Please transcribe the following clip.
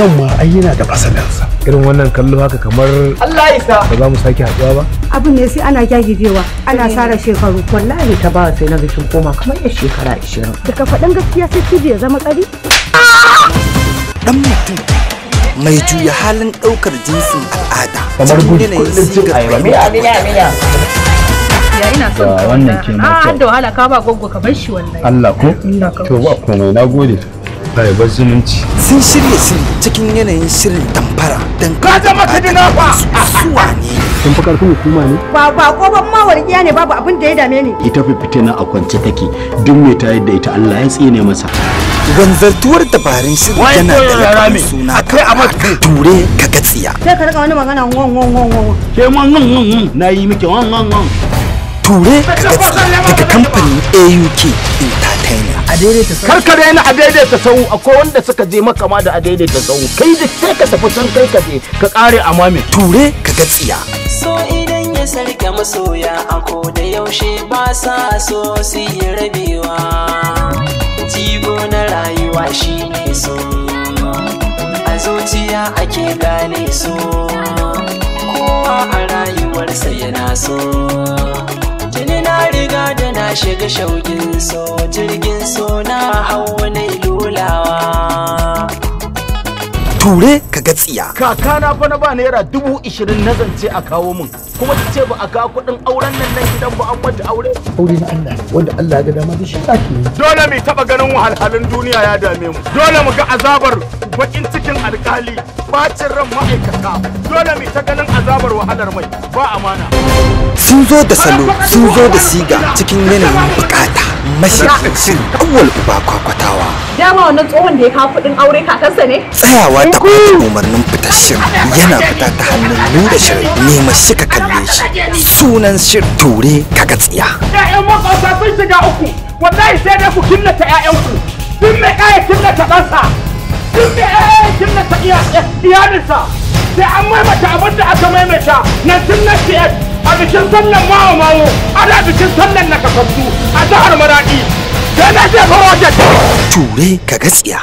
shan ma ai yana da fasalinsa irin wannan kallo haka kamar Allah isa ba za mu sake haɗuwa ba abin ne sai ana gyagijewa ana sara shekaru wallahi ta ba sai na ga shin koma kamar ya shekara 20 daga faɗin gaskiya sai kije ya zama kari dan mutum mai juya halin ɗaukar jinsin al'ada kamar gudun cin ayaba me amina amina ya ina son wannan kenan ah, a da wahala ka ba goggo ka bar shi wallahi Allah ko to ba na nagode ayabar zumunci sun shirya sirri cikin yanayin shirin damfara don ka zama ka dina fa suwa ne kin fi karfin hukuma ne ba ba ko ban ma wargiya ne babu abin da ya dame ni ita fitina a kwance take duk mai tayar da ita Allah ya tsine masa wanzartuwar dabarun shirin yana da labarin suna akai a mata ture ka gatsiya sai ka rika wani magana wan wan wan wan ke wan wan wan na yi miki wan wan wan ture ka gatsiya daga kamfanin AUK Inter a daidaita sau kar ka a daidaita sau akwai wanda suka je makama da a daidaita sau kai da sai ka tafi can kai ka je ka kare amame ture ka ga tsiya so idan ya sarke masoya a ko da yaushe ba sa so su yi rabewa jigo na rayuwa shine so a zuciya ake gane so kowa a rayuwarsa yana so shiga shaugin so jirgin so na hau wani lulawa ture ga tsiya kakana fa na ba naira dubu ishirin na zance a kawo min kuma ki ce ba a kawo kuɗin auren nan nan gidan ba an mata aure aure na Allah wanda Allah ya ga dama da shi dole mu taba ganin wahalhalun duniya ya dame mu dole mu ga azabar bakin cikin alkali bacin ran ma'aikata dole mu ta ganin azabar wahalar mai ba amana sun zo da salo sun zo da siga cikin yanayin bukata mashirin awwal uba kwakwatawa dama na tsohon da ya kafa kuɗin aure kakansa ne tsayawa ta kuma umarnin fita shirin yana fita ta hannun nuna shirin neman shi ka kalle shi sunan shir ture kaga tsiya ƴaƴan makwasa sun shiga uku wallahi sai dai ku killata ƴaƴanku duk mai ƙaya killata ɗansa duk mai ƙaya killata iyalinsa sai an maimaita abin da aka maimaita 1998 a bikin sallar mawa mawo ana bikin sallar na kasassu ture ka gaskiya